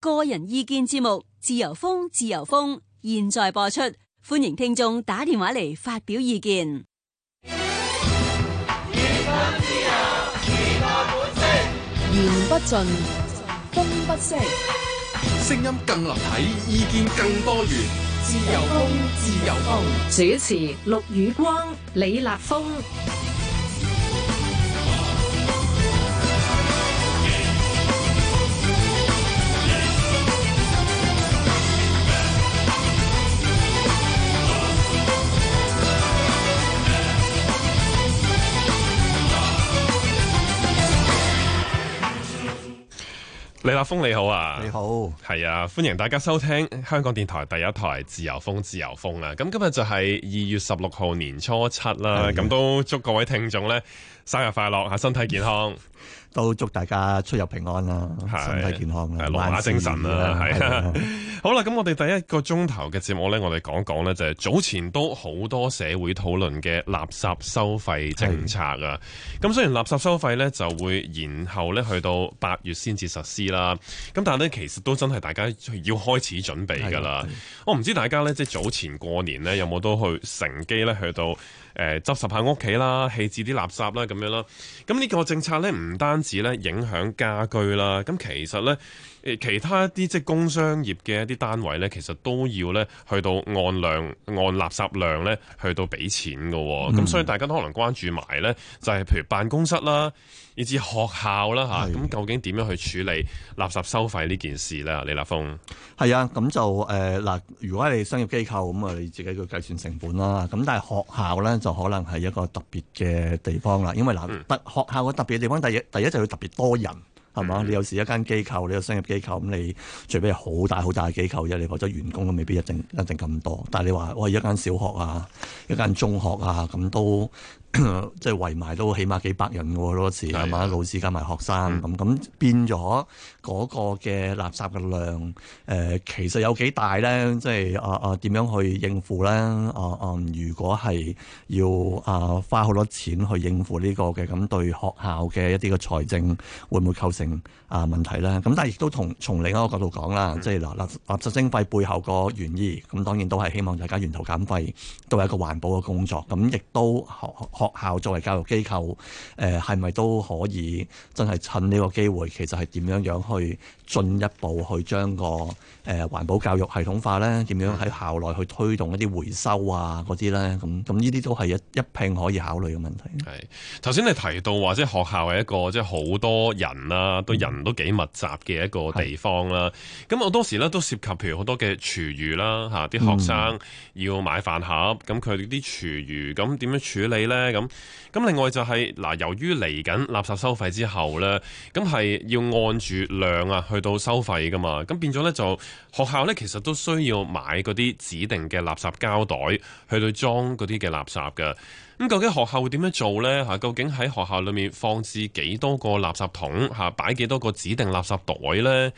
個人意見節目，自由風，自由風，現在播出，歡迎聽眾打電話嚟發表意見。原本自由本言不盡，風不息，聲音更立體，意見更多元。自由風，自由風，主持陸宇光、李立峰。李立峰你好啊，你好，係啊，歡迎大家收聽香港電台第一台自由風自由風啊，咁今日就係二月十六號年初七啦，咁的都祝各位聽眾呢生日快樂，身體健康，都祝大家出入平安啦，是身體健康啦，龍馬的精神啦，好啦，咁我哋第一個鐘頭嘅節目呢，我哋講講呢，就係、是、早前都好多社會討論嘅垃圾收費政策啊。咁的雖然垃圾收費呢，就會延後呢去到八月先至實施啦，咁但係呢，其實都真係大家要開始準備㗎啦。我唔知大家呢，即係早前過年呢，有冇都去乘機呢去到，誒執拾下屋企啦，棄置啲垃圾啦，咁樣啦。咁呢個政策呢，唔單止呢影響家居啦，咁其實呢。其他一啲即工商業嘅一啲單位咧，其實都要咧去到按量按垃圾量咧去到俾錢嘅、哦，咁、嗯、所以大家都可能關注埋咧，就係、是、譬如辦公室啦，以至學校啦吓，咁的、啊、究竟點樣去處理垃圾收費呢件事咧？李立峰係啊，咁就誒嗱、呃，如果你係商業機構咁啊，你自己去計算成本啦。咁但係學校咧就可能係一個特別嘅地方啦，因為嗱特、呃、學校嘅特別嘅地方，第一第一就是、要特別多人。係嘛？你有時一間機構，你有商業機構咁，你除非係好大好大嘅機構啫，你或者員工都未必一定一定咁多。但係你話喂，一間小學啊，一間中學啊，咁都 即係圍埋都起碼幾百人嘅，好多時係嘛？的老師加埋學生咁咁、嗯、變咗。嗰個嘅垃圾嘅量，誒、呃、其實有幾大咧？即係啊啊，點、啊、樣去應付咧？啊啊，如果係要啊花好多錢去應付呢個嘅咁對學校嘅一啲嘅財政，會唔會構成啊問題咧？咁但係亦都同從另外一個角度講啦，即係、嗱、垃垃垃圾徵費背後個原意，咁當然都係希望大家源頭減廢都係一個環保嘅工作。咁亦都學學校作為教育機構誒係咪都可以真係趁呢個機會，其實係點樣樣去？去進一步去將個誒環保教育系統化咧，點樣喺校內去推動一啲回收啊嗰啲咧？咁咁呢啲都係一一拼可以考慮嘅問題。係頭先你提到話，即係學校係一個即係好多人啊，都人都幾密集嘅一個地方啦。咁好多時咧，都涉及譬如好多嘅廚餘啦，吓啲學生要買飯盒，咁佢啲廚餘咁點樣處理咧？咁咁另外就係、是、嗱，由於嚟緊垃圾收費之後咧，咁係要按住。量啊，去到收費噶嘛，咁變咗呢，就學校呢，其實都需要買嗰啲指定嘅垃圾膠袋去到裝嗰啲嘅垃圾㗎。咁究竟學校會點樣做呢？嚇，究竟喺學校裏面放置幾多個垃圾桶？嚇，擺幾多個指定垃圾袋呢？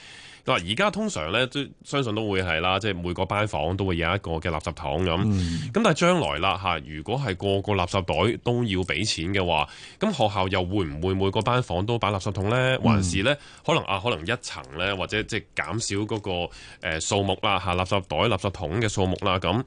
嗱，而家通常咧都相信都會係啦，即係每個班房都會有一個嘅垃圾桶咁。咁、嗯、但係將來啦嚇，如果係個個垃圾袋都要俾錢嘅話，咁學校又會唔會每個班房都擺垃圾桶呢？還是呢，可能啊，可能一層呢，或者即係減少嗰、那個誒、呃、數目啦嚇，垃圾袋、垃圾桶嘅數目啦咁。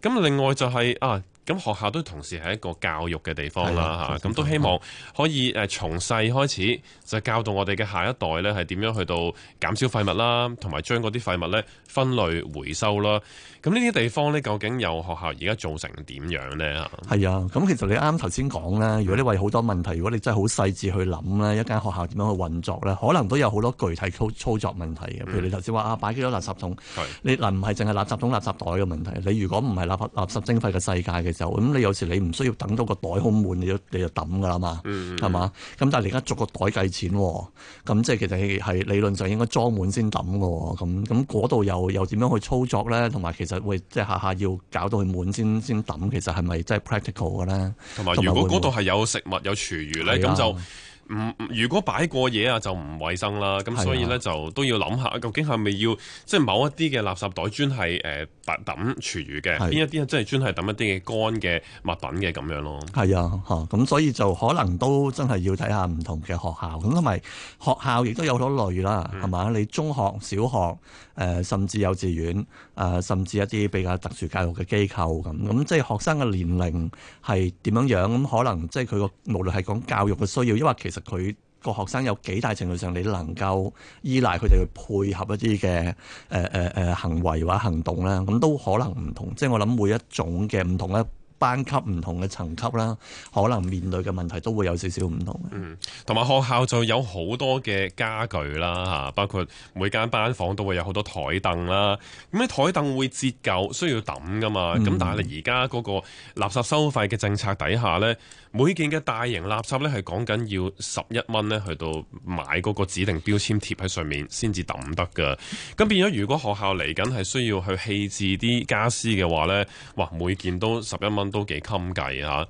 咁另外就係、是、啊。咁學校都同時係一個教育嘅地方啦，吓，咁都希望可以誒從細開始就教導我哋嘅下一代咧，係點樣去到減少廢物啦，同埋將嗰啲廢物咧分類回收啦。咁呢啲地方咧，究竟由學校而家做成點樣咧？係係啊，咁其實你啱啱頭先講咧，如果你話好多問題，如果你真係好細緻去諗咧，一間學校點樣去運作咧，可能都有好多具體操操作問題嘅。譬如你頭先話啊，擺幾多垃圾桶，是你嗱唔係淨係垃圾桶、垃圾袋嘅問題，你如果唔係垃垃圾徵費嘅世界嘅。就咁，你有時你唔需要等到個袋好滿，你就你就抌噶啦嘛，係嘛、嗯嗯？咁但係你而家逐個袋計錢、哦，咁即係其實係理論上應該裝滿先抌嘅喎。咁咁嗰度又又點樣去操作咧？同埋其實會即係下下要搞到佢滿先先抌，其實係咪真係 practical 嘅咧？同埋如果嗰度係有食物有廚餘咧，咁是、啊、就。唔，如果擺過嘢啊，就唔衛生啦。咁所以咧，就都要諗下，究竟係咪要即係、就是、某一啲嘅垃圾袋專係誒抌廚餘嘅，邊、啊、一啲咧即係專係抌一啲嘅乾嘅物品嘅咁樣咯。係啊，咁、啊、所以就可能都真係要睇下唔同嘅學校。咁同埋學校亦都有好多類啦，係嘛、嗯？你中學、小學。誒甚至幼稚園，誒甚至一啲比較特殊教育嘅機構咁，咁即係學生嘅年齡係點樣樣咁，可能即係佢個無論係講教育嘅需要，因為其實佢個學生有幾大，程度上你能夠依賴佢哋去配合一啲嘅、呃呃、行為或者行動咧，咁都可能唔同。即係我諗每一種嘅唔同咧。班級唔同嘅層級啦，可能面對嘅問題都會有少少唔同嘅。嗯，同埋學校就有好多嘅家具啦，嚇，包括每間班房都會有好多枱凳啦。咁喺枱凳會折舊，需要抌㗎嘛。咁但係你而家嗰個垃圾收費嘅政策底下呢，每件嘅大型垃圾咧，係講緊要十一蚊咧，去到買嗰個指定標籤貼喺上面先至抌得㗎。咁變咗，如果學校嚟緊係需要去棄置啲家私嘅話咧，哇，每件都十一蚊都幾襟計啊。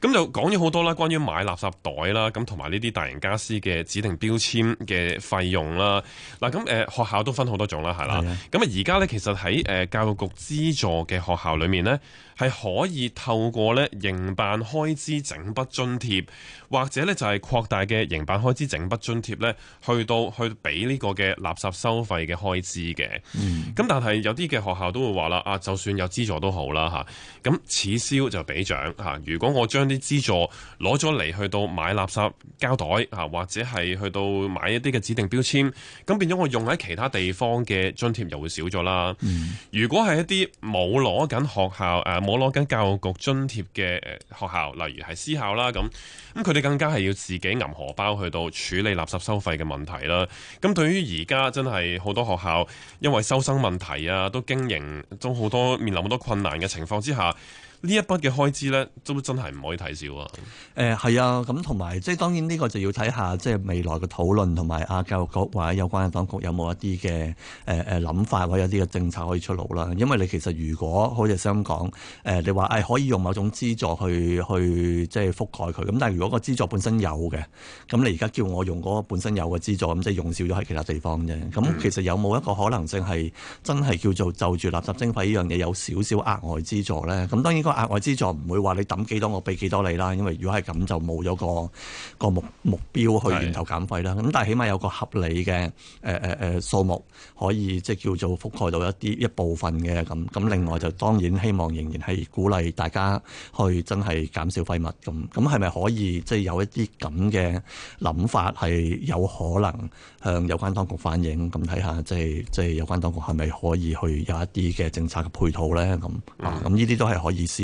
咁就講咗好多啦，關於買垃圾袋啦，咁同埋呢啲大型家私嘅指定標籤嘅費用啦。嗱，咁、呃、誒，學校都分好多種啦，係啦的。咁啊，而家咧，其實喺誒教育局資助嘅學校裏面咧。係可以透過咧營辦開支整筆津貼，或者咧就係、是、擴大嘅營辦開支整筆津貼咧，去到去俾呢個嘅垃圾收費嘅開支嘅。咁、嗯、但係有啲嘅學校都會話啦，啊就算有資助都好啦咁、啊、此消就彼長、啊、如果我將啲資助攞咗嚟去到買垃圾膠袋、啊、或者係去到買一啲嘅指定標籤，咁變咗我用喺其他地方嘅津貼又會少咗啦。嗯、如果係一啲冇攞緊學校、啊冇攞緊教育局津貼嘅、誒學校，例如係私校啦，咁咁佢哋更加係要自己揜荷包去到處理垃圾收費嘅問題啦。咁對於而家真係好多學校因為收生問題啊，都經營都好多，面臨好多困難嘅情況之下。呢一筆嘅開支咧，都真係唔可以睇少、呃、啊！誒，係啊，咁同埋即係當然呢個就要睇下即係未來嘅討論同埋啊教育局或者有關嘅當局有冇一啲嘅諗法或者有啲嘅政策可以出爐啦。因為你其實如果好似咁講，你話、哎、可以用某種資助去去即係覆蓋佢，咁但係如果個資助本身有嘅，咁你而家叫我用嗰本身有嘅資助，咁即係用少咗喺其他地方啫。咁其實有冇一個可能性係真係叫做就住垃圾徵費呢樣嘢有少少額外資助咧？咁當然、嗰個額外資助唔會話你抌幾多，我俾幾多你啦，因為如果係咁就冇咗個個目目標去源頭減廢啦。咁的但係起碼有個合理嘅、誒誒誒數目，可以即係叫做覆蓋到一啲一部分嘅咁。咁另外就當然希望仍然係鼓勵大家去真係減少廢物咁。咁係咪可以即係、就是、有一啲咁嘅諗法係有可能向有關當局反映？咁睇下即係即係有關當局係咪可以去有一啲嘅政策嘅配套咧？咁啊，咁呢啲都係可以試。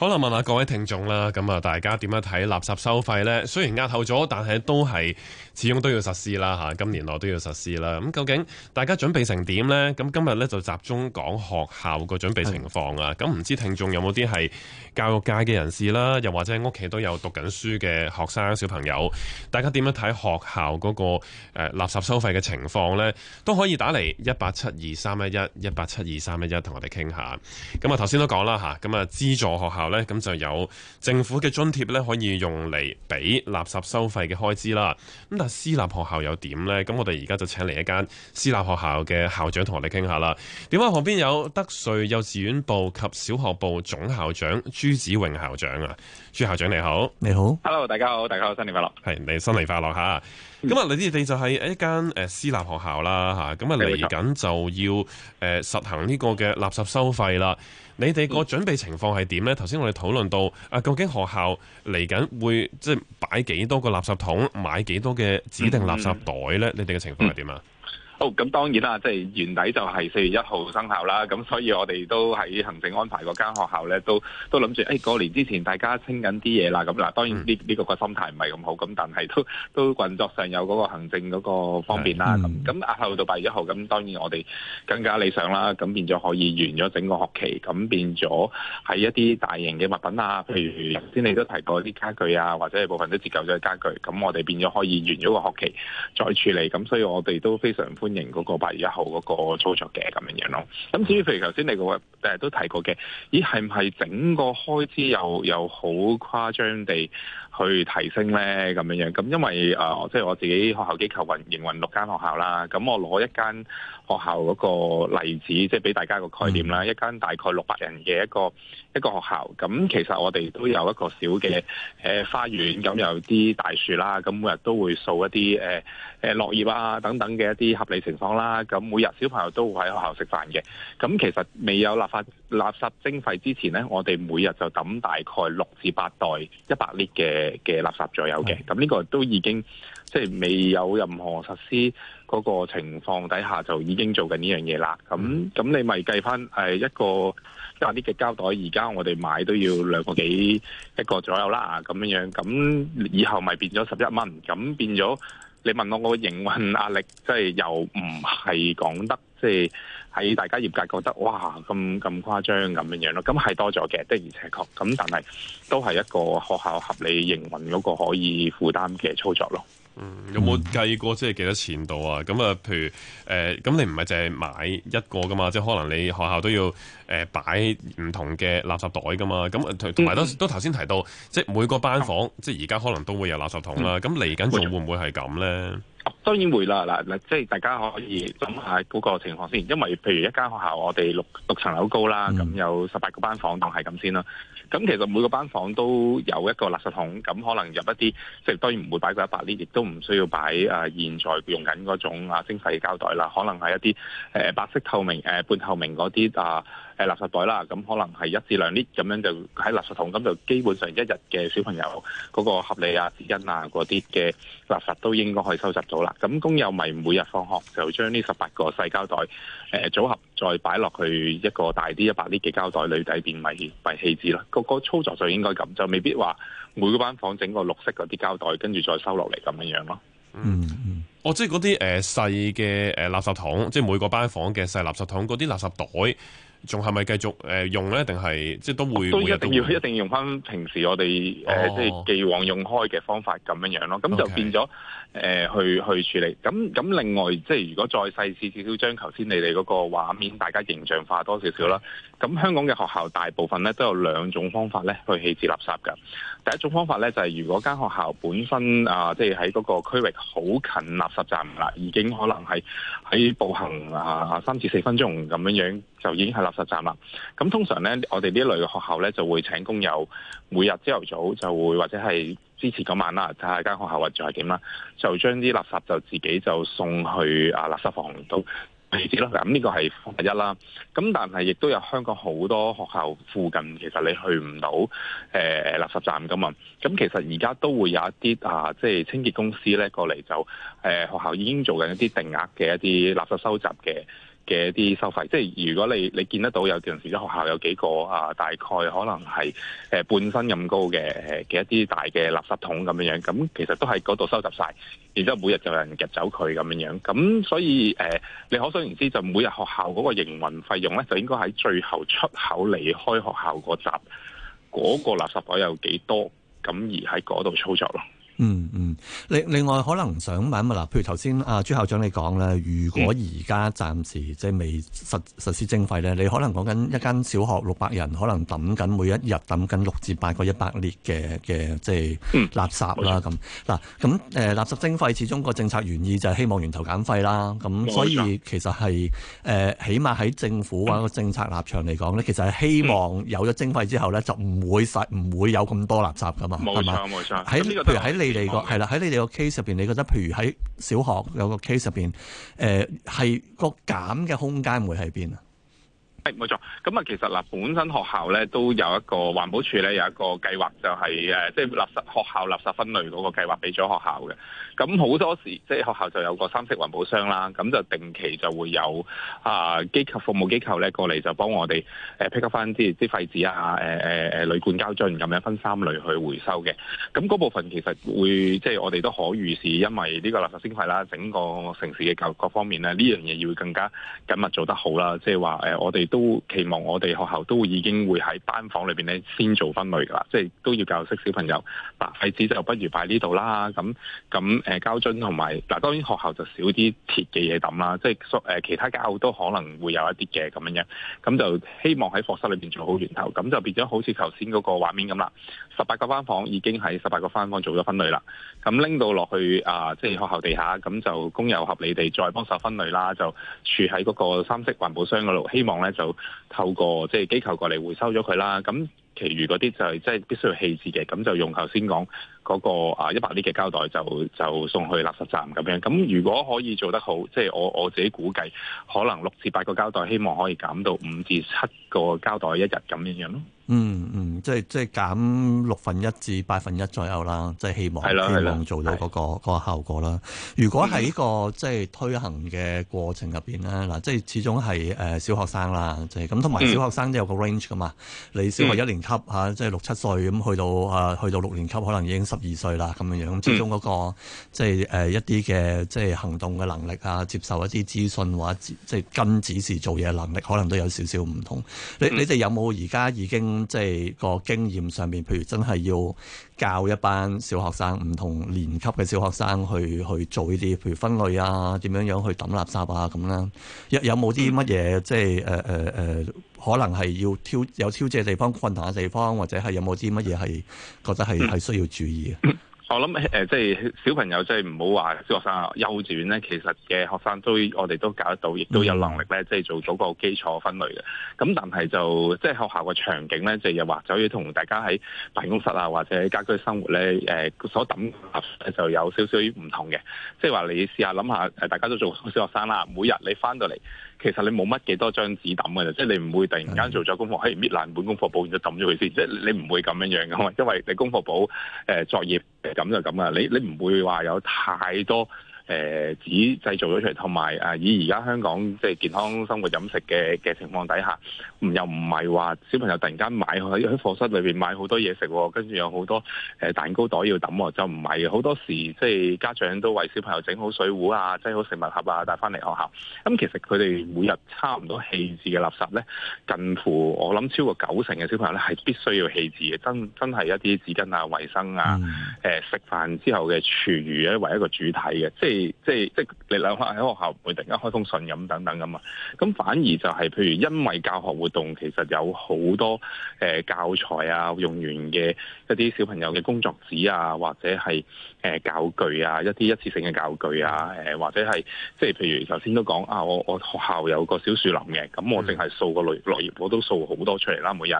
好啦，問下各位聽眾啦，咁啊，大家點樣睇垃圾收費呢？雖然押後咗，但係都係始終都要實施啦嚇，今年內都要實施啦。咁究竟大家準備成點呢？咁今日呢，就集中講學校個準備情況啊。咁唔、嗯、知聽眾有冇啲係教育界嘅人士啦，又或者屋企都有讀緊書嘅學生小朋友，大家點樣睇學校嗰個誒垃圾收費嘅情況呢？都可以打嚟一八七二三一一一八七二三一一，同我哋傾下。咁啊，頭先都講啦嚇，咁啊，資助學校。咧，咁就有政府嘅津貼咧，可以用嚟俾垃圾收費嘅開支啦。咁但係私立學校又點咧？咁我哋而家就請嚟一間私立學校嘅校長同我哋傾下啦。電話旁邊有德萃幼稚園部及小學部總校長朱子穎校長啊，朱校長你好。你好。Hello。大家好。大家好。新年快樂。係，你新年快樂吓。咁啊，嗯、你哋就係一間誒私立學校啦吓。咁啊嚟緊就要誒實行呢個嘅垃圾收費啦。你哋個準備情況係點呢？頭先我哋討論到啊，究竟學校嚟緊會即係擺幾多個垃圾桶，買幾多嘅指定垃圾袋呢？你哋嘅情況係點啊？哦，咁當然啦，即係原底就係四月一號生效啦。咁所以我哋都喺行政安排嗰間學校咧，都都諗住誒過年之前大家清緊啲嘢啦。咁嗱，當然呢呢個個心態唔係咁好，咁但係都都運作上有嗰個行政嗰個方便啦。咁壓後到八月一號，咁當然我哋更加理想啦。咁變咗可以完咗整個學期，咁變咗喺一啲大型嘅物品啊，譬如先你都提過啲家具啊，或者係部分都折舊咗嘅家具，咁我哋變咗可以完咗個學期再處理。咁所以我哋都非常歡。型嗰個八月一號嗰個操作嘅咁樣樣咯，咁至於譬如頭先你個誒都提過嘅，咦係唔係整個開支又又好誇張地去提升咧咁樣樣？咁因為誒、呃、即係我自己學校機構運營運六間學校啦，咁我攞一間。學校嗰個例子，即係俾大家個概念啦。嗯、一間大概六百人嘅一個一個學校，咁其實我哋都有一個小嘅、呃、花園，咁有啲大樹啦，咁每日都會掃一啲落葉啊等等嘅一啲合理情況啦。咁每日小朋友都會喺學校食飯嘅。咁其實未有立法垃圾徵費之前呢，我哋每日就抌大概六至八袋一百列嘅嘅垃圾左右嘅。咁呢、嗯、個都已經。即係未有任何實施嗰個情況底下，就已經做緊呢樣嘢啦。咁咁你咪計翻誒一個廿啲嘅膠袋，而家我哋買都要兩個幾一個左右啦。咁樣樣，咁以後咪變咗十一蚊。咁變咗你問我個營運壓力，即係又唔係講得即係喺大家業界覺得哇咁咁誇張咁樣樣咯。咁係多咗嘅，的而且確。咁但係都係一個學校合理營運嗰個可以負擔嘅操作咯。嗯，有冇計過即係幾多錢度啊？咁啊，譬如誒，咁、呃、你唔係淨係買一個噶嘛？即係可能你學校都要誒擺唔同嘅垃圾袋噶嘛？咁同埋都都頭先提到，即係每個班房、啊、即係而家可能都會有垃圾桶啦。咁嚟緊仲會唔會係咁咧？當然會啦，嗱嗱，即係大家可以諗下嗰個情況先，因為譬如一間學校，我哋六六層樓高啦，咁有十八個班房，當係咁先啦。咁其實每個班房都有一個垃圾桶，咁可能入一啲，即係當然唔會擺過一百呢啲，亦都唔需要擺誒現在用緊嗰種精細膠袋啦，可能係一啲誒白色透明誒半透明嗰啲啊。垃圾袋啦，咁可能係一至兩 Lit，咁樣就喺垃圾桶，咁就基本上一日嘅小朋友嗰個合理啊、紙巾啊嗰啲嘅垃圾都應該可以收集到啦。咁工友咪每日放學就將呢十八個細膠袋誒組合，再擺落去一個大啲、一百 Lit 嘅膠袋裏底變廢廢棄置啦。個個操作就應該咁，就未必話每個班房整個綠色嗰啲膠袋，跟住再收落嚟咁樣樣咯、嗯。嗯，哦，即係嗰啲誒細嘅誒、呃、垃圾桶，即係每個班房嘅細嘅垃圾桶嗰啲垃圾袋。仲係咪繼續誒用咧？定係即係都會都一定要一定要用翻平時我哋、oh. 即係既往用開嘅方法咁樣樣咯。咁就變咗 Okay.、呃、去去處理。咁咁另外即係如果再細緻少少，將頭先你哋嗰個畫面，大家形象化多少少啦。咁香港嘅學校大部分咧都有兩種方法咧去棄置垃圾㗎。第一種方法咧就係如果間學校本身啊，即係喺嗰個區域好近垃圾站啦，已經可能係喺步行啊三至四分鐘咁樣樣就已經係垃圾站啦。咁通常咧，我哋呢一類嘅學校咧就會請工友每日朝頭早就會或者係之前嗰晚啦，睇下間學校或者係點啦，就將啲垃圾就自己就送去啊垃圾房度。咁呢個係第一啦。咁但係亦都有香港好多學校附近，其實你去唔到誒垃圾站噶嘛。咁其實而家都會有一啲啊，即、就、係、是、清潔公司咧過嚟就誒、呃、學校已經做緊一啲定額嘅一啲垃圾收集嘅嘅一啲收費。即、就、係、是、如果你你見得到有段時間啲學校有幾個啊，大概可能係半身咁高嘅嘅、啊、一啲大嘅垃圾桶咁樣樣，咁其實都係嗰度收集晒。然之後每日就有人夾走佢咁樣樣，咁所以誒、呃，你可想而知就每日學校嗰個營運費用咧，就應該喺最後出口離開學校嗰閘，嗰、嗰個垃圾袋有幾多，咁而喺嗰度操作咯。嗯嗯，另、嗯、另外可能想問啊，嗱，譬如頭先朱校長你講咧，如果而家暫時即係未實、嗯、實施徵費咧，你可能講緊一間小學六百人，可能抌緊每一日抌緊六至八個一百列嘅嘅即係垃圾啦咁。嗱錯，咁誒、呃、垃圾徵費始終個政策原意就係希望源頭減費啦。咁所以，以其實係誒、呃、起碼喺政府、嗯、或者個政策立場嚟講咧，其實係希望有咗徵費之後咧，就唔會使唔會有咁多垃圾噶嘛，係嘛錯？冇吧錯冇喺在譬如喺你。係啦，喺你哋個 case 入邊，你覺得譬如喺小學有、呃、個 case 入邊，誒係個減嘅空間會喺邊啊？係冇錯，咁啊，其實嗱，本身學校咧都有一個環保署，咧有一個計劃、就是，就係、是、誒，即係垃圾學校垃圾分類嗰個計劃，俾咗學校嘅。咁好多時，即、就、係、是、學校就有個三色環保箱啦，咁就定期就會有啊機構服務機構咧過嚟就幫我哋誒 pick up 翻啲啲廢紙啊、誒誒誒鋁罐膠樽咁樣分三類去回收嘅。咁嗰部分其實會即係、就是、我哋都可預示，因為呢個垃圾徵費啦，整個城市嘅教育各方面咧，呢樣嘢要更加緊密做得好啦。即係話我哋都期望我哋學校都已經會喺班房裏面咧先做分類㗎啦，即、就、係、是、都要教識小朋友，把廢紙就不如擺呢度啦。咁咁。誒膠樽同埋嗱，當然學校就少啲鐵嘅嘢抌啦，即係誒其他間校都可能會有一啲嘅咁樣，咁就希望喺課室裏邊做好源頭，咁就變咗好似頭先嗰個畫面咁啦。十八個班房已經喺十八個班房做咗分類啦，咁拎到落去啊，即係學校地下，咁就工友合理地再幫手分類啦，就儲喺嗰個三色環保箱嗰度，希望咧就透過即係機構過嚟回收咗佢啦，咁。其餘嗰啲就係即係必須要棄置嘅，咁就用頭先講嗰個啊一百呢嘅膠袋就就送去垃圾站咁樣。咁如果可以做得好，即係我我自己估計，可能六至八個膠袋，希望可以減到五至七。個交代一日咁樣樣咯，嗯嗯，即係即係減六分一至八分一左右啦，即係希望了希望做到嗰、那個、了個效果啦。如果喺呢、這個了即係推行嘅過程入邊咧，嗱，即係始終係誒小學生啦，即係咁，同埋小學生都有個 range 噶、嗯、嘛。你小學一年級嚇，即係六七歲咁，去到啊、呃、去到六年級，可能已經十二歲啦咁樣樣。咁始終嗰、那個即係誒、呃、一啲嘅即係行動嘅能力啊，接受一啲資訊或者即係跟指示做嘢能力，可能都有少少唔同。你你哋有冇而家已經即係個經驗上面，譬如真係要教一班小學生，唔同年級嘅小學生去去做呢啲，譬如分類啊，點樣樣去抌垃圾啊咁啦？有有冇啲乜嘢即係誒誒誒，可能係要挑有挑戰地方、困難嘅地方，或者係有冇啲乜嘢係覺得係係需要注意嘅？我諗誒，即係小朋友，即係唔好話小學生啊，幼稚園咧，其實嘅學生都我哋都搞得到，亦都有能力咧，即係做咗個基礎分類嘅。咁但係就即係學校嘅場景咧，就又或者要同大家喺辦公室啊，或者家居生活咧，誒所合就有少少唔同嘅。即係話你試下諗下，誒大家都做小學生啦，每日你翻到嚟。其實你冇乜幾多張紙抌嘅啫，即係你唔會突然間做咗功課，可以搣爛本功課簿然後抌咗佢先，即係你唔會咁樣樣噶嘛，因為你功課簿誒作業咁就咁啦，你你唔會話有太多。誒，只製、呃、造咗出嚟，同埋誒以而家香港即係健康生活飲食嘅嘅情況底下，唔又唔係話小朋友突然間買喺喺課室裏邊買好多嘢食，跟住有好多誒蛋糕袋要抌，就唔係好多時，即係家長都為小朋友整好水壺啊、擠好食物盒啊，帶翻嚟學校。咁其實佢哋每日差唔多棄置嘅垃圾咧，近乎我諗超過九成嘅小朋友咧係必須要棄置嘅，真真係一啲紙巾啊、衞生啊、誒、呃、食飯之後嘅廚餘咧、啊、為一個主體嘅，即係。即係即係你諗下喺學校唔會突然間開封信咁等等咁嘛，咁反而就係、係、譬如因為教學活動，其實有好多誒、呃、教材啊，用完嘅一啲小朋友嘅工作紙啊，或者係誒教具啊，一啲一次性嘅教具啊，誒或者係即係譬如頭先都講啊，我我學校有個小樹林嘅，咁我淨係掃個落葉，落葉我都掃好多出嚟啦，每日。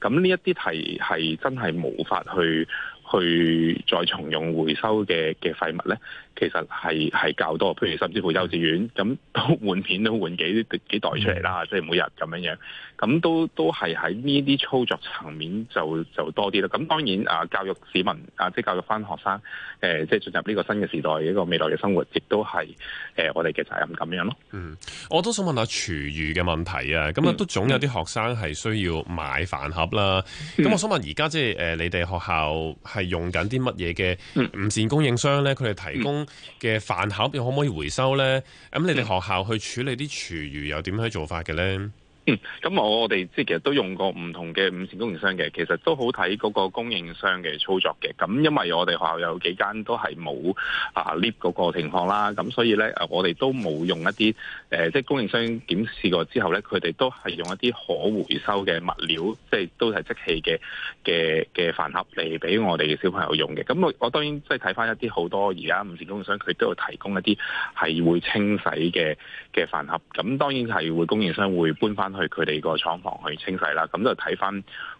咁呢一啲係係真係無法去去再重用回收嘅嘅廢物咧。其實係係較多，譬如甚至乎幼稚園咁換片都換幾幾袋出嚟啦，即係每日咁樣樣，咁都都係喺呢啲操作層面就就多啲啦。咁當然啊，教育市民啊，即係教育返學生，誒、呃，即係進入呢個新嘅時代，一個未來嘅生活，亦都係誒、呃、我哋嘅責任咁樣咯。嗯，我都想問下廚餘嘅問題啊，咁啊都總有啲學生係需要買飯盒啦。咁、嗯、我想問而家即係誒、呃，你哋學校係用緊啲乜嘢嘅午膳供應商咧？佢哋提供、嗯。嗯嘅飯盒又可唔可以回收呢？咁你哋學校去處理啲廚餘又點樣做法嘅呢？嗯，咁我哋即係其實都用過唔同嘅午膳供應商嘅，其實都好睇嗰個供應商嘅操作嘅。咁因為我哋學校有幾間都係冇啊 lift 嗰、啊、個情況啦，咁所以咧誒我哋都冇用一啲誒、呃、即係供應商檢視過之後咧，佢哋都係用一啲可回收嘅物料，即係都係即棄嘅嘅嘅飯盒嚟俾我哋嘅小朋友用嘅。咁我我當然即係睇翻一啲好多而家午膳供應商佢都有提供一啲係會清洗嘅嘅飯盒，咁當然係會供應商會搬翻。去佢哋個廠房去清洗啦，咁就睇翻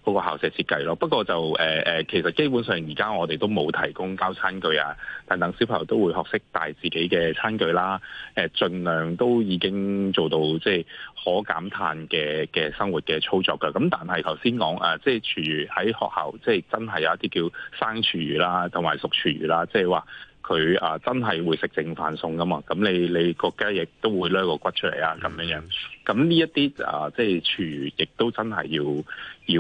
嗰個校舍設計咯。不過就誒誒、呃，其實基本上而家我哋都冇提供膠餐具啊，等等小朋友都會學識帶自己嘅餐具啦。誒、呃，盡量都已經做到即係、就是、可減碳嘅嘅生活嘅操作噶。咁但係頭先講誒，即係廚餘喺學校，即、就、係、是、真係有一啲叫生廚餘啦，同埋熟廚餘啦，即係話。佢啊，真係會食剩飯餸噶嘛？咁你你個雞翼亦都會攞個骨出嚟、嗯、啊，咁樣樣。咁呢一啲啊，即係廚餘亦都真係要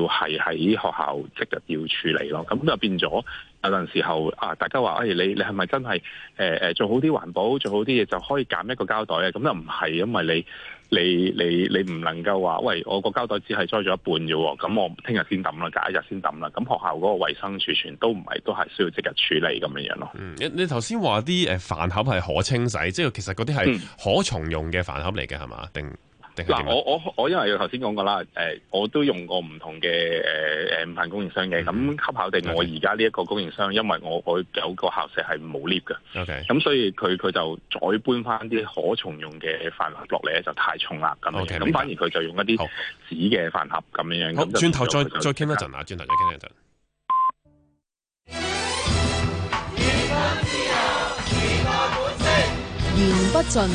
要係喺學校即日要處理咯。咁就變咗。有陣時候啊，大家話誒、哎，你你係咪真係誒誒做好啲環保，做好啲嘢，就可以減一個膠袋啊？咁又唔係，因為你你你你唔能夠話，喂，我個膠袋只係裝咗一半啫，咁我聽日先抌啦，隔一日先抌啦。咁學校嗰個衛生儲存都唔係都係需要即日處理咁樣咯。你你頭先話啲誒飯盒係可清洗，即係其實嗰啲係可重用嘅飯盒嚟嘅，係嘛定？嗯嗱，我我我因為頭先講過啦，誒、呃，我都用過唔同嘅，誒誒午飯供應商嘅，咁恰巧地我而家呢一個供應商，Okay. 因為我佢有個校舍係冇 lift 嘅，咁 Okay. 所以佢佢就再搬翻啲可重用嘅飯盒落嚟咧，就太重啦咁，咁反而佢就用一啲紙嘅飯盒咁樣好樣。好，轉頭再再傾一陣啊，轉頭再傾一陣。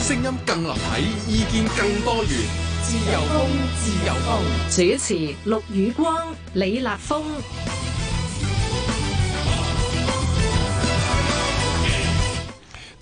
聲音更立體，意見更多元，自由風，自由風。主持：陸宇光、李立峰。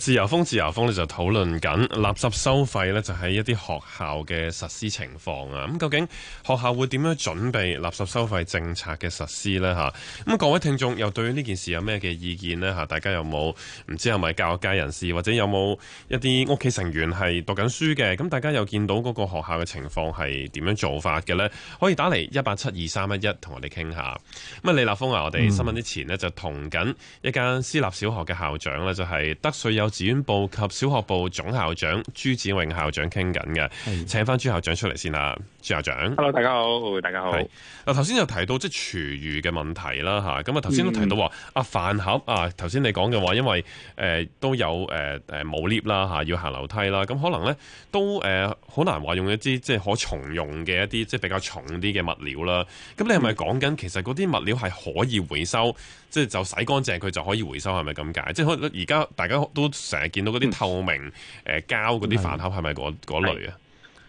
自由風自由風咧就討論緊垃圾收費呢就係一啲學校嘅實施情況啊！咁究竟學校會點樣準備垃圾收費政策嘅實施呢？吓，咁各位聽眾又對於呢件事有咩嘅意見呢？大家有冇唔知係咪教育界人士，或者有冇一啲屋企成員係讀緊書嘅？咁大家又見到嗰個學校嘅情況係點樣做法嘅呢？可以打嚟一八七二三一一同我哋傾下。咁李立峰啊，我哋新聞之前呢，就同緊一間私立小學嘅校長呢，就係、是、德萃幼稚園部及小學部總校長朱子穎校長傾緊嘅，請翻朱校長出嚟先啦，朱校長。Hello，大家好，大家好。啊，頭先又提到即係廚餘嘅問題啦，吓咁啊，頭先都提到話阿飯盒啊，頭先、嗯、你講嘅話，因為誒都有誒誒冇 lift 啦，吓要行樓梯啦，咁可能咧都誒好難話用一啲即係可重用嘅一啲即係比較重啲嘅物料啦。咁、嗯、你係咪講緊其實嗰啲物料係可以回收？即係就洗乾淨佢就可以回收係咪咁解？即係可能而家大家都成日見到嗰啲透明誒膠嗰啲飯盒係咪嗰類啊？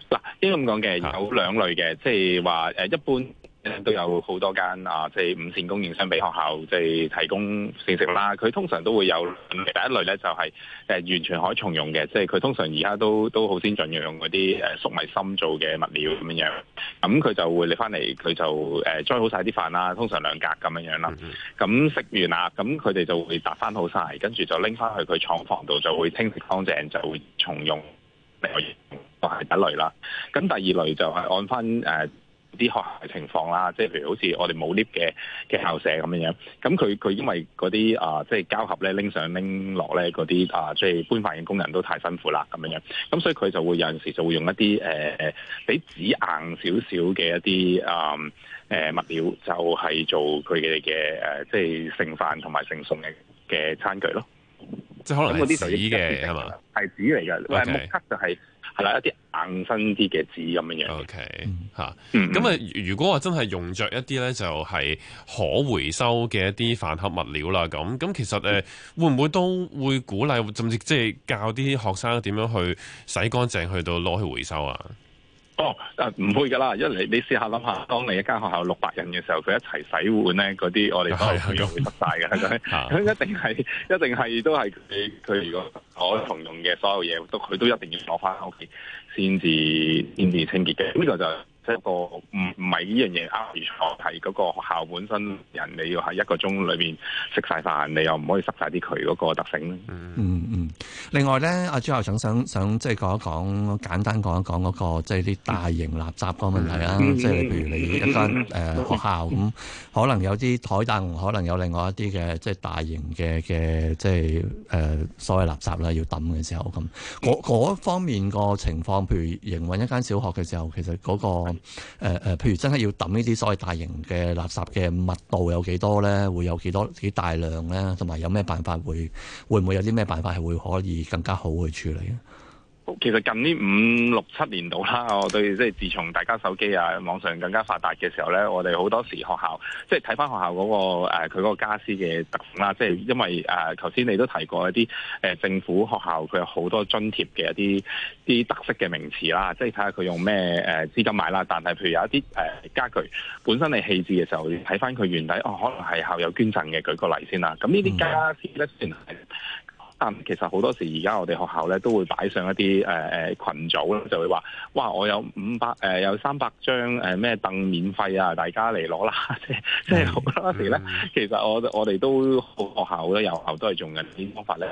嗱，應該咁講嘅有兩類嘅，即係話誒一般。都有好多間啊，即、就、係、是、午膳供應商俾學校即、就是、提供膳食啦。佢通常都會有第一類咧，就係、是呃、完全可以重用嘅，即係佢通常而家都都好先進嘅，用嗰啲誒粟米芯做嘅物料咁樣。咁、嗯、佢就會拎翻嚟，佢就誒裝、呃、好曬啲飯啦，通常兩格咁樣啦。咁、嗯、食、嗯嗯、完啦，咁佢哋就會搭翻好曬，跟住就拎翻去佢廠房度就會清洗乾淨，就會重用。另、就、第、是、一類啦。咁、啊、第二類就係按翻啲學校嘅情況啦，即係譬如好似我哋冇 lift 嘅嘅校舍咁樣樣，咁佢佢因為嗰啲啊，即、呃、係、就是、膠盒咧拎上拎落咧嗰啲啊，即係、呃就是、搬飯嘅工人都太辛苦啦咁樣樣，咁所以佢就會有陣時就會用一啲誒比紙硬少少嘅一啲啊誒物料，就係、是、做佢哋嘅誒即係剩飯同埋剩餸嘅嘅餐具咯。即係可能嗰啲紙嘅係嘛，係紙嚟嘅，木刻就係、是。係啦，一啲硬身啲嘅紙咁樣樣。O K，嚇，咁啊，如果話真係用着一啲咧，就係可回收嘅一啲飯盒物料啦，咁咁其實誒，會唔會都會鼓勵，甚至即係教啲學生點樣去洗乾淨，去到攞去回收啊？哦，唔會噶啦，因為你你試下諗下，當你一間學校六百人嘅時候，佢一齊洗碗咧，嗰啲我哋所有嘢會得曬嘅，係咪？佢一定係一定係都係佢佢如果我同用嘅所有嘢，都佢都一定要攞翻屋企先至先至清潔嘅，呢個就。一個唔唔係呢樣嘢啱係嗰個學校本身人，你要喺一個鐘裏面食晒飯，你又唔可以塞晒啲渠嗰個特性嗯嗯。另外咧，阿朱校長想想即係講一講，簡單講一講嗰、那個即係啲大型垃圾個問題啦、啊。即係譬如你一間誒學校咁、嗯，可能有啲台凳，可能有另外一啲嘅即係大型嘅嘅即係誒所謂垃圾啦，要抌嘅時候咁，嗰方面個情況，譬如營運一間小學嘅時候，其實嗰、那個。誒、呃呃、譬如真係要抌呢啲所謂大型嘅垃圾嘅密度有幾多咧？會有幾多幾大量咧？同埋有咩辦法會會唔會有啲咩辦法係會可以更加好去處理咧？其實近呢五六七年度啦，我對即係自從大家手機啊、網上更加發達嘅時候咧，我哋好多時學校即係睇翻學校嗰、嗰個佢嗰、呃、個傢俬嘅特點啦，即係因為誒頭先你都提過一啲誒、呃、政府學校佢有好多津貼嘅一啲啲特色嘅名詞啦，即係睇下佢用咩誒資金買啦。但係譬如有一啲、呃、家具本身係棄置嘅時候，睇翻佢原底，哦可能係校友捐贈嘅。舉個例先啦，咁呢啲家私咧算係。但其實好多時，而家我哋學校咧都會擺上一啲誒誒羣組啦，就會話：哇，我有五百誒，有三百張誒咩凳免費啊，大家嚟攞啦！即即係好多時咧，mm hmm. 其實我我哋都學校好多遊校都係用緊呢啲方法咧。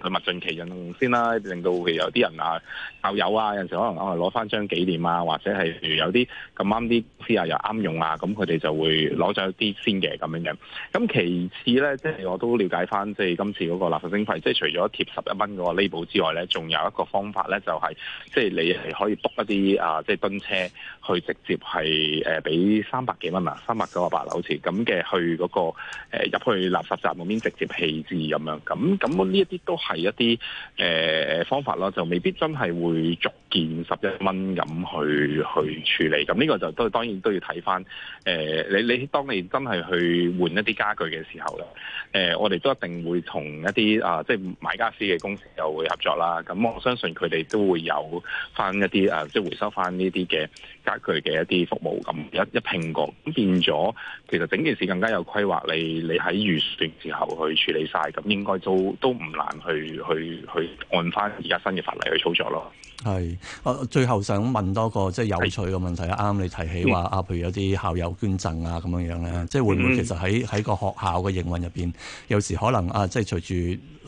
去物盡其用，用先啦，令到譬如有啲人啊校友啊，有陣時可能攞翻張紀念啊，或者係有啲咁啱啲私啊，又啱用啊，咁佢哋就會攞咗啲先嘅咁樣嘅。咁其次呢，即係我都了解翻，即係今次嗰個垃圾徵費，即係除咗貼十一蚊嗰個 label 之外呢，仲有一個方法呢，就係、是、即係你係可以 book 一啲啊，即係噉車去直接係誒俾三百幾蚊啊，三百九啊八樓次咁嘅去嗰、那個入、呃、去垃圾站嗰邊直接棄置咁樣。咁咁呢一啲都係。係一啲誒、呃、方法咯，就未必真係會逐件十一蚊咁去去處理。咁呢個就都當然都要睇翻誒你你當你真係去換一啲家具嘅時候咧，誒、呃、我哋都一定會同一啲啊即係、就是、買家私嘅公司又會合作啦。咁我相信佢哋都會有翻一啲啊即係、就是、回收翻呢啲嘅家具嘅一啲服務。咁一一拼過咁變咗，其實整件事更加有規劃。你你喺預算之後去處理晒咁應該都都唔難去。去去按翻而家新嘅法例去操作咯。係，最後想問多個即係有趣嘅問題。啱啱你提起話啊，譬如有啲校友捐贈啊咁樣樣咧，即係會唔會其實喺喺個學校嘅營運入面，有時可能啊，即係隨住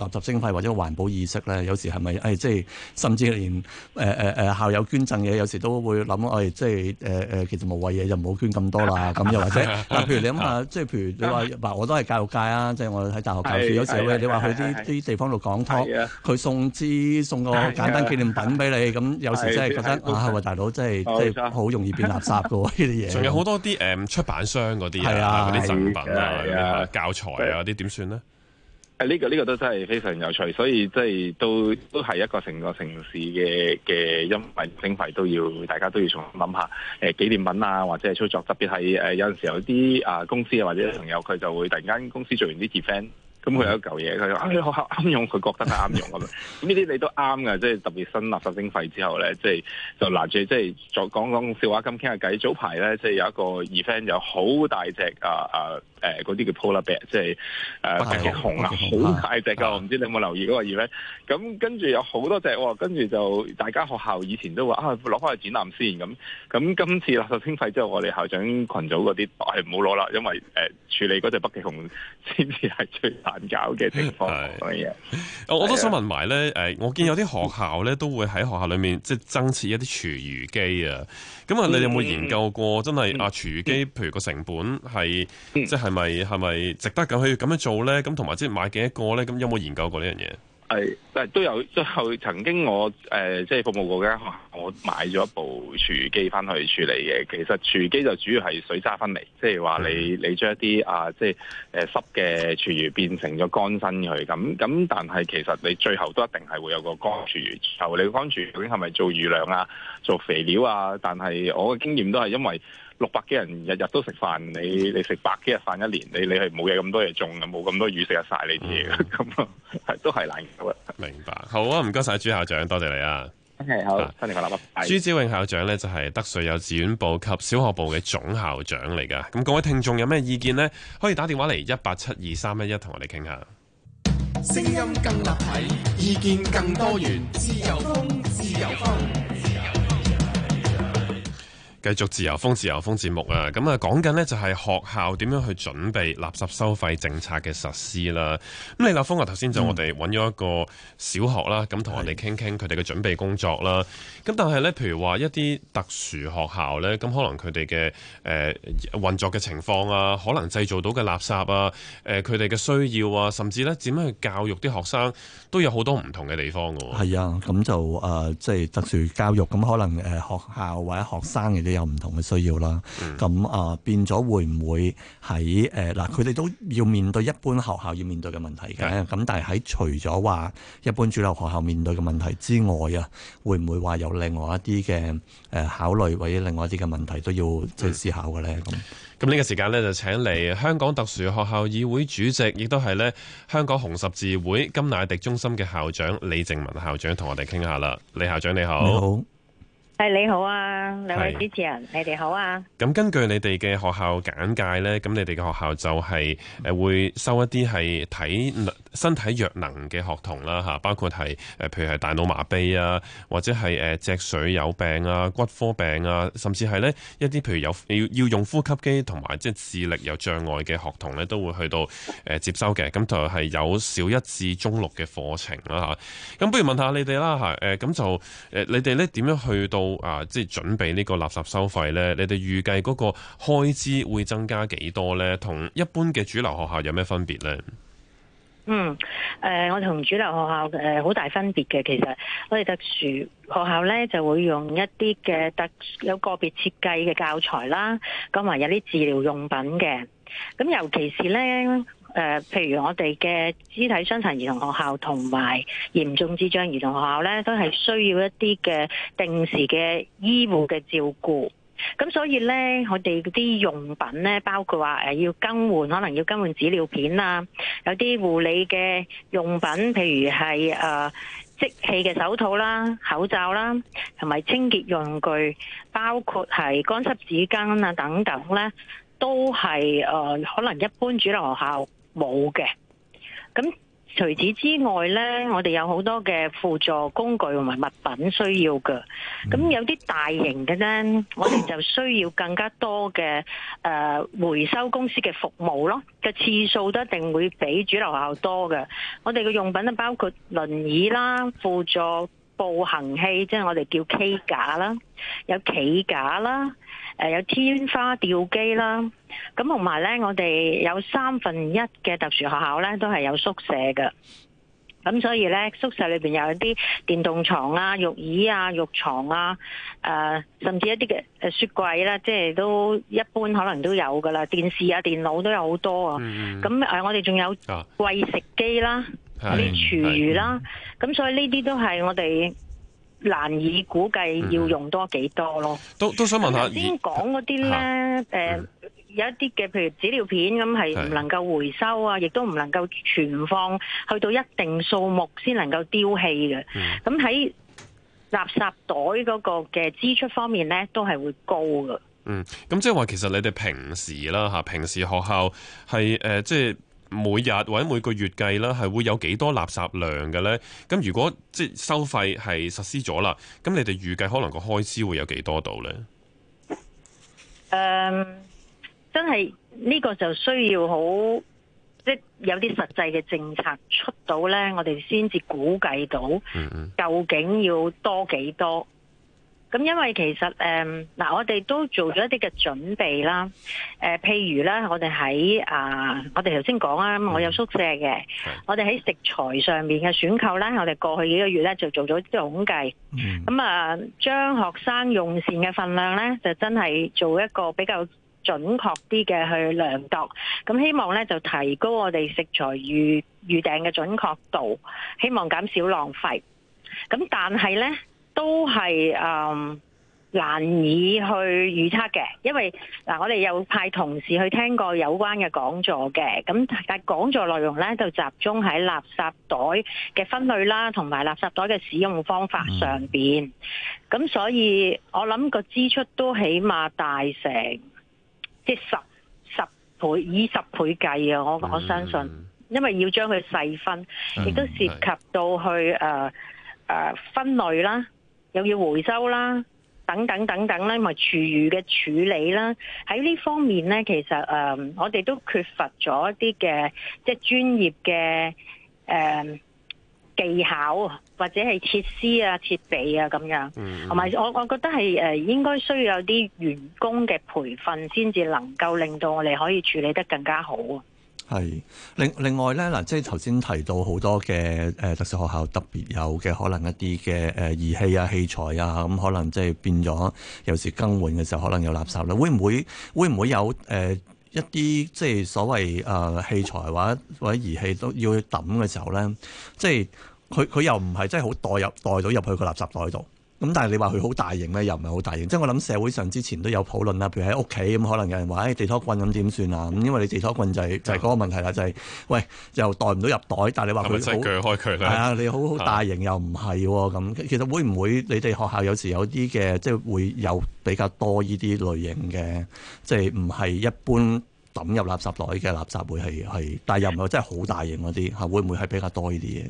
垃圾徵費或者環保意識咧，有時係咪誒即係甚至連誒誒校友捐贈嘢，有時都會諗，我哋即係誒其實無謂嘢就唔好捐咁多啦，咁又或者嗱，譬如你諗下，即係譬如你話，嗱，我都係教育界啊，即係我喺大學教書，有時會你話去啲啲地方度講托，佢送支送個簡單紀念品俾你。咁，有時真係覺得啊，大佬真係真係好容易變垃圾㗎喎，呢啲嘢。仲有好多啲誒出版商嗰啲，係啊，嗰啲贈品啊、教材啊嗰啲點算咧？誒呢個呢個都真係非常有趣，所以即係都都係一個成個城市嘅嘅因費徵費都要，大家都要重新諗下誒紀念品啊，或者係操作，特別係誒有陣時有啲啊公司啊或者啲朋友佢就會突然間公司做完啲 d e e f 展品。咁佢有一嚿嘢，佢話啊，你學校啱用，佢覺得係啱用咁樣。呢啲你都啱嘅，即係特別新垃圾徵費之後咧，即係就嗱住即係再講講笑話，咁傾下偈。早排咧，即係有一個 event 有好大隻啊啊誒嗰啲叫 polar bear，即係誒北極熊啊，好 Okay. 大隻㗎，我唔知你有冇留意嗰個 event 咧？咁跟住有好多隻喎，跟住就大家學校以前都話啊，攞翻去展覽先咁。咁今次垃圾徵費之後，我哋校長群組嗰啲係唔好攞啦，因為誒處理嗰隻北極熊先至係最。難搞嘅情況嘅，我都想問埋咧，誒、啊，我見有啲學校咧都會喺學校裏面即係、嗯、增設一啲廚餘機啊，咁啊，你有冇研究過、嗯、真係啊廚餘機，嗯、譬如個成本係，即係咪係咪值得咁去咁樣做咧？咁同埋即係買幾多個咧？咁有冇研究過呢樣嘢？係，但係都有，最後曾經我誒、呃，即係服務過間學校，我買咗一部廚餘機翻去處理嘅。其實廚餘機就主要係水渣分離，即係話你你將一啲啊，即係誒濕嘅廚餘變成咗乾身去咁。咁但係其實你最後都一定係會有個乾廚餘。然後你乾廚餘究竟係咪做魚糧啊，做肥料啊？但係我嘅經驗都係因為。六百幾人日日都食飯，你你食百幾日飯一年，你你係冇嘢咁多嘢種嘅，冇咁多魚食日晒你啲嘢，咁啊、嗯、 都係難嘅。明白，好啊，唔該晒朱校長，多謝，謝你啊。OK，好，啊、新年快樂，拜拜。朱子穎校長咧就係、是、德萃幼稚園部及小學部嘅總校長嚟噶。咁各位聽眾有咩意見呢？可以打電話嚟一八七二三一一同我哋傾下。聲音更立體，意見更多元，自由風，自由風。繼續自由風自由風節目啊！咁啊，講緊呢，就係學校點樣去準備垃圾收費政策嘅實施啦。咁李立峯啊，頭先就我哋揾咗一個小學啦，咁同、嗯、我哋傾傾佢哋嘅準備工作啦。咁的但係呢，譬如話一啲特殊學校呢，咁可能佢哋嘅誒運作嘅情況啊，可能製造到嘅垃圾啊，誒佢哋嘅需要啊，甚至呢點樣去教育啲學生，都有好多唔同嘅地方㗎喎。係啊，咁就誒即係特殊教育，咁可能誒學校或者學生的有唔同嘅需要啦，咁啊、呃、變咗會唔會喺誒嗱，佢、呃、哋都要面對一般學校要面對嘅問題嘅，咁、嗯、但係喺除咗話一般主流學校面對嘅問題之外啊，會唔會話有另外一啲嘅誒考慮，或者另外一啲嘅問題都要即係思考嘅咧？咁咁呢個時間咧就請嚟香港特殊學校議會主席，亦都係咧香港紅十字會甘迺迪中心嘅校長李靜雯校長同我哋傾下啦。李校長你好。你好係你好啊，兩位主持人，是你哋好啊。咁根據你哋嘅學校簡介咧，咁你哋嘅學校就係誒會收一啲係體身體弱能嘅學童啦，吓，包括係誒，譬如係大腦麻痹啊，或者係誒脊髓有病啊、骨科病啊，甚至係咧一啲譬如有要要用呼吸機同埋即係智力有障礙嘅學童咧，都會去到誒接收嘅。咁就係有小一至中六嘅課程啦，吓。咁不如問下你哋啦，吓，誒咁就誒你哋咧點樣去到？啊！即係準備呢個垃圾收費呢，你哋預計嗰個開支會增加幾多呢？同一般嘅主流學校有咩分別呢？嗯，誒、呃，我同主流學校誒好、呃、大分別嘅。其實我哋特殊學校呢，就會用一啲嘅特有個別設計嘅教材啦，咁埋有啲治療用品嘅，咁尤其是呢。誒、呃，譬如我哋嘅肢體傷殘兒童學校同埋嚴重智障兒童學校咧，都係需要一啲嘅定時嘅醫護嘅照顧。咁所以咧，我哋啲用品咧，包括話要更換，可能要更換紙尿片啦，有啲護理嘅用品，譬如係誒即棄嘅手套啦、口罩啦，同埋清潔用具，包括係乾濕紙巾啊等等咧，都係誒、呃、可能一般主流學校。冇嘅，咁除此之外呢，我哋有好多嘅輔助工具同埋物品需要嘅，咁有啲大型嘅呢，我哋就需要更加多嘅誒、呃、回收公司嘅服務咯，嘅次數都一定會比主流校多嘅。我哋嘅用品啊，包括輪椅啦、輔助步行器，即、就、係、是、我哋叫 K 架啦，有企架啦。誒、呃，有天花吊機啦，咁同埋咧，我哋有三分一嘅特殊學校咧，都係有宿舍嘅。咁所以咧，宿舍裏邊有一啲電動床啊、浴椅啊、浴床啊，誒、呃，甚至一啲嘅誒雪櫃啦，即係都一般可能都有噶啦。電視啊、電腦都有好多啊。咁誒、嗯，我哋仲有喂食機啦，啲、嗯、廚餘啦。咁、嗯嗯、所以呢啲都係我哋。難以估計要用多幾多咯，嗯、都都想問下。先講嗰啲咧，誒、啊嗯呃、有一啲嘅，譬如紙尿片咁，係唔能夠回收啊，是亦都唔能夠存放，去到一定數目先能夠丟棄嘅。咁喺、嗯、垃圾袋嗰個嘅支出方面咧，都係會高嘅。嗯，咁即係話其實你哋平時啦，嚇平時學校係誒即係。呃就是每日或者每個月計啦，係會有幾多垃圾量嘅呢？咁如果即係收費係實施咗啦，咁你哋預計可能個開支會有幾多度呢？誒、嗯，真係呢個就需要好即係有啲實際嘅政策出到呢，我哋先至估計到究竟要多幾多。咁因為其實誒、嗱、嗯、我哋都做咗一啲嘅準備啦。誒、呃，譬如咧、呃，我哋喺啊，我哋頭先講啊，我有宿舍嘅，嗯、我哋喺食材上面嘅選購咧，我哋過去幾個月咧就做咗啲統計。咁啊、嗯，將、嗯、學生用膳嘅份量咧，就真係做一個比較準確啲嘅去量度。咁希望咧就提高我哋食材預預訂嘅準確度，希望減少浪費。咁但係咧。都係誒、嗯、難以去預測嘅，因為嗱，我哋有派同事去聽過有關嘅講座嘅，咁但係講座內容咧就集中喺垃圾袋嘅分類啦，同埋垃圾袋嘅使用方法上邊。咁、嗯、所以，我諗個支出都起碼大成，即十十倍以十倍計啊！我我相信，嗯、因為要將佢細分，亦、嗯、都涉及到去誒誒的、呃呃、分類啦。又要回收啦，等等等等啦，咪廚餘嘅處理啦，喺呢方面咧，其實誒、呃，我哋都缺乏咗一啲嘅即係專業嘅誒、呃、技巧或者係設施啊、設備啊咁樣，同埋、mm hmm. 我我覺得係誒，應該需要有啲員工嘅培訓，先至能夠令到我哋可以處理得更加好啊。係，另另外咧嗱，即係頭先提到好多嘅誒、呃、特殊學校特別有嘅可能一啲嘅誒儀器啊、器材啊，咁可能即係變咗有時更換嘅時候可能有垃圾咧，會唔會會唔會有誒一啲即係所謂誒、呃、器材或者或者儀器都要去揼嘅時候咧，即係佢佢又唔係真係好代入代到入去個垃圾袋度。咁但係你話佢好大型咧，又唔係好大型。即係我諗社會上之前都有討論啦，譬如喺屋企咁，可能有人話：誒、哎、地拖棍咁點算啊？咁因為你地拖棍就係、是、就係、是、嗰個問題啦，就係、是、喂又袋唔到入袋。但係你話佢好，即係鋸開佢啦。啊、哎，你好好大型又唔係喎。咁其實會唔會你哋學校有時有啲嘅，即、就、係、是、會有比較多呢啲類型嘅，即係唔係一般抌入垃圾袋嘅垃圾會係但係又唔係真係好大型嗰啲嚇，會唔會係比較多呢啲嘢？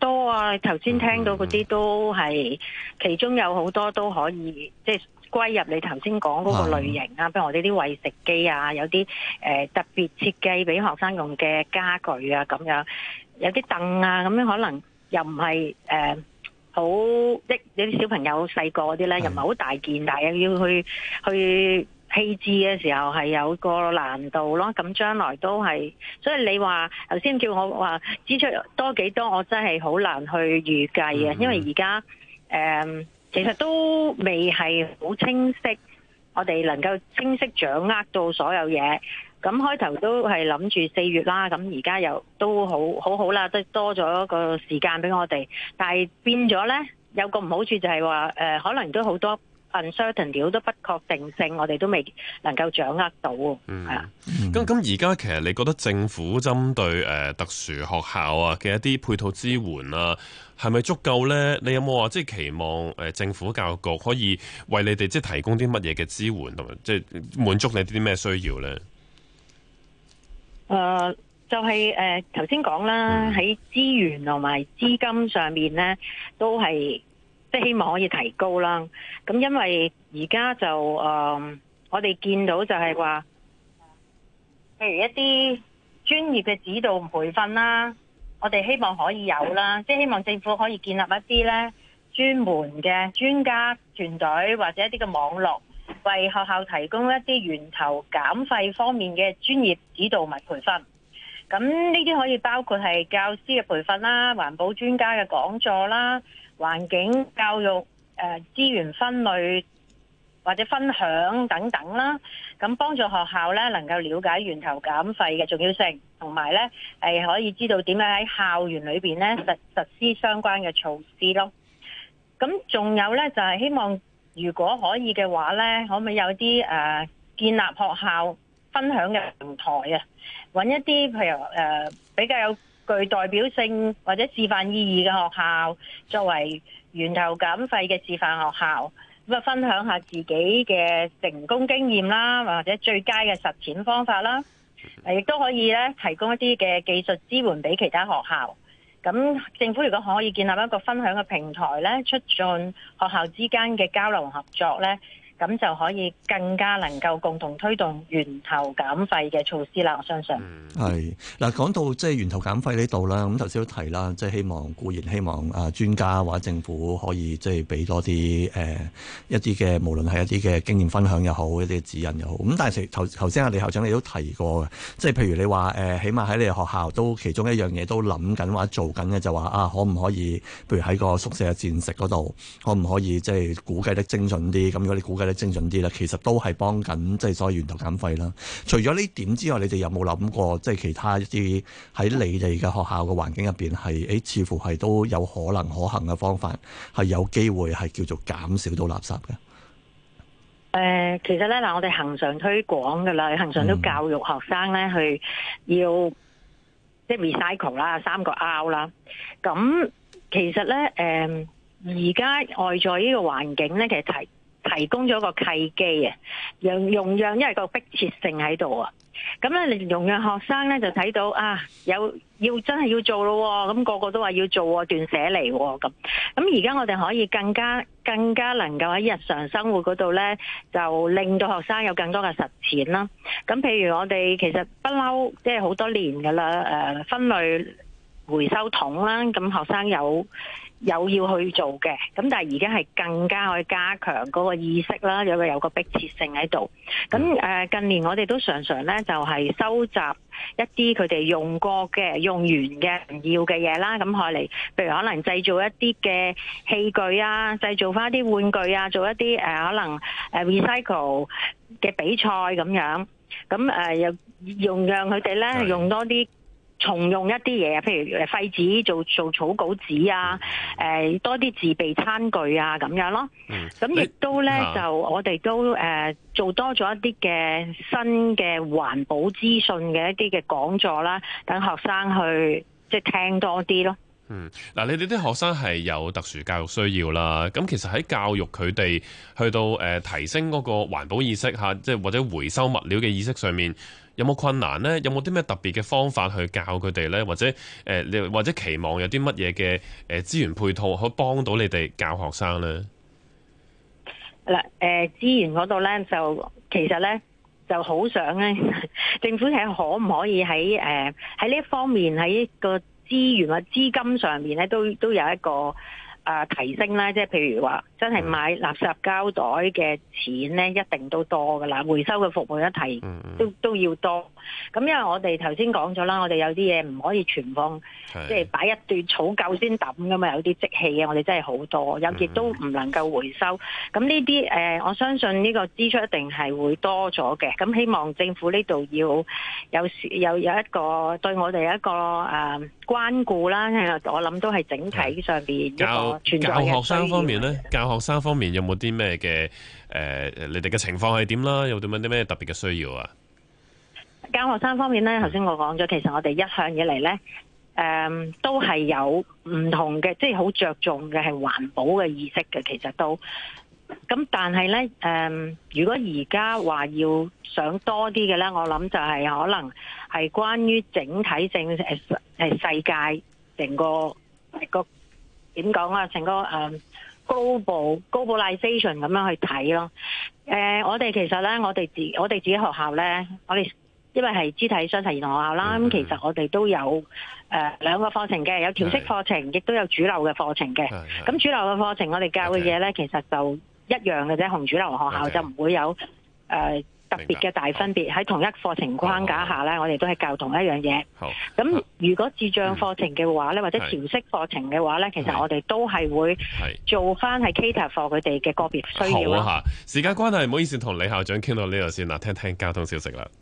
多啊！頭先聽到嗰啲都係，其中有好多都可以，即係歸入你頭先講嗰個類型啊。譬如我哋啲餵食機啊，有啲誒、呃、特別設計俾學生用嘅家具啊，咁樣有啲凳啊，咁樣可能又唔係誒好即，有、呃、啲小朋友細個嗰啲咧，又唔係好大件，是的但係又要去去。棄置嘅時候係有個難度咯，咁將來都係，所以你話頭先叫我話支出多幾多，我真係好難去預計啊，因為而家誒，其實都未係好清晰，我哋能夠清晰掌握到所有嘢。咁開頭都係諗住四月啦，咁而家又都好好好啦，都多咗個時間俾我哋，但係變咗呢，有個唔好處就係話誒，可能都好多。uncertainty 都不確定性，我哋都未能夠掌握到。嗯，咁咁而家其實你覺得政府針對誒、呃、特殊學校啊嘅一啲配套支援啊，係咪足夠咧？你有冇話即係期望誒、呃、政府教育局可以為你哋即係提供啲乜嘢嘅支援，同埋即係滿足你啲咩需要咧？誒、呃，就係誒頭先講啦，喺、呃、資源同埋資金上面咧，都係。即係希望可以提高啦，咁因為而家就誒、嗯，我哋見到就係話，譬如一啲專業嘅指導培訓啦，我哋希望可以有啦，即係希望政府可以建立一啲咧專門嘅專家團隊或者一啲嘅網絡，為學校提供一啲源頭減廢方面嘅專業指導同埋培訓。咁呢啲可以包括係教師嘅培訓啦、環保專家嘅講座啦。環境教育、誒、呃、資源分類或者分享等等啦，咁幫助學校咧能夠了解源頭減廢嘅重要性，同埋咧係可以知道點樣喺校園裏面咧實，實施相關嘅措施咯。咁仲有咧就係、是、希望，如果可以嘅話咧，可唔可以有啲誒、呃、建立學校分享嘅平台啊？揾一啲譬如誒、呃、比較有具代表性或者示範意義嘅學校，作為源頭減廢嘅示範學校，咁啊分享一下自己嘅成功經驗啦，或者最佳嘅實踐方法啦，亦都可以咧提供一啲嘅技術支援俾其他學校。咁政府如果可以建立一個分享嘅平台咧，促進學校之間嘅交流合作咧。咁就可以更加能夠共同推動源頭減費嘅措施啦。我相信係嗱，講到即係源頭減費呢度啦。咁頭先都提啦，即係希望固然希望啊專家或者政府可以即係俾多啲誒一啲嘅、啊，無論係一啲嘅經驗分享又好，一啲指引又好。咁但係頭頭先阿李校長你都提過嘅，即係譬如你話、啊、起碼喺你學校都其中一樣嘢都諗緊或者做緊嘅，就話啊，可唔可以？譬如喺個宿舍嘅膳食嗰度，可唔可以即係估計得精準啲？咁如果你估計精準啲啦，其實都係幫緊，即係所謂源頭減廢啦。除咗呢點之外，你哋有冇諗過，即係其他一啲喺你哋嘅學校嘅環境入邊，係、欸、誒，似乎係都有可能可行嘅方法，係有機會係叫做減少到垃圾嘅。誒、呃，其實咧嗱，我哋恒常推廣噶啦，恒常都教育學生咧、嗯、去要即係 recycle 啦，三個 out 啦。咁其實咧，誒，而家外在呢個環境咧，其實係。呃提供咗個契機啊，讓因為個迫切性喺度啊。咁咧，用樣學生咧就睇到啊，有要真係要做咯，哦，咁，那個個都話要做喎，斷捨離咁。咁而家我哋可以更加更加能夠喺日常生活嗰度咧，就令到學生有更多嘅實踐啦。咁譬如我哋其實不嬲，即係好多年噶啦，誒、呃，分類回收桶啦，咁學生有。有要去做嘅，咁但係而家係更加去加強嗰個意識啦，有個有個迫切性喺度。咁誒、呃、近年我哋都常常咧，就係、是、收集一啲佢哋用過嘅、用完嘅唔要嘅嘢啦，咁嚟譬如可能製造一啲嘅器具啊，製造返啲玩具啊，做一啲誒、呃、可能誒 recycle 嘅比賽咁樣，咁誒又用讓佢哋咧用多啲。重用一啲嘢，譬如廢紙做做草稿紙啊，誒、嗯、多啲自備餐具啊，咁樣咯。咁亦、嗯、都咧，啊、就我哋都誒做多咗一啲嘅新嘅環保資訊嘅一啲嘅講座啦，等學生去即係、就是、聽多啲咯。嗯，嗱，你哋啲學生係有特殊教育需要啦。咁其實喺教育佢哋去到誒提升嗰個環保意識吓，即係或者回收物料嘅意識上面，有冇困難呢？有冇啲咩特別嘅方法去教佢哋呢？或者誒、呃，或者期望有啲乜嘢嘅誒資源配套，可以幫到你哋教學生呢？嗱、呃，誒資源嗰度呢，就其實呢就好想呢，政府係可唔可以喺誒喺呢一方面喺個資源或資金上面呢，都都有一個啊、呃、提升啦？即係譬如話。真係買垃圾膠袋嘅錢咧，一定都多㗎啦！回收嘅服務一提，嗯、都都要多。咁因為我哋頭先講咗啦，我哋有啲嘢唔可以存放，是即係擺一段儲夠先抌㗎嘛。有啲積氣嘅，我哋真係好多，有啲都唔能夠回收。咁呢啲誒，我相信呢個支出一定係會多咗嘅。咁希望政府呢度要有有有一個對我哋一個誒、呃、關顧啦。我諗都係整體上面，一個存在嘅需要。教學生方面咧，學生方面有冇啲咩嘅誒，你哋嘅情況係點啦？有冇啲咩特別嘅需要啊？教學生方面咧，頭先我講咗，其實我哋一向以嚟咧，誒，都係有唔同嘅，即係好着重嘅係環保嘅意識嘅。其實都咁，但係咧，誒，如果而家話要想多啲嘅咧，我諗就係可能係關於整體性係係世界成個，成個點講啊，成個誒。Global, Globalization 咁樣去睇咯，誒、uh,，我哋其實咧，我哋自我哋自己學校咧，我哋因為係肢體傷殘兒童學校啦，咁、mm hmm. 其實我哋都有誒、呃、兩個課程嘅，有調色課程，mm hmm. 亦都有主流嘅課程嘅。咁、mm hmm. 主流嘅課程我哋教嘅嘢咧，Okay. 其實就一樣嘅啫，同主流學校 Okay. 就唔會有誒。呃特別嘅大分別，喺同一課程框架下咧，哦、我哋都係教同一樣嘢。好咁、哦，如果智障課程嘅話咧，嗯、或者調適課程嘅話咧，是其實我哋都係會做翻係 cater for 佢哋嘅個別需要好啊。時間關係，唔好意思同李校長傾到呢度先啦，聽聽交通消息啦。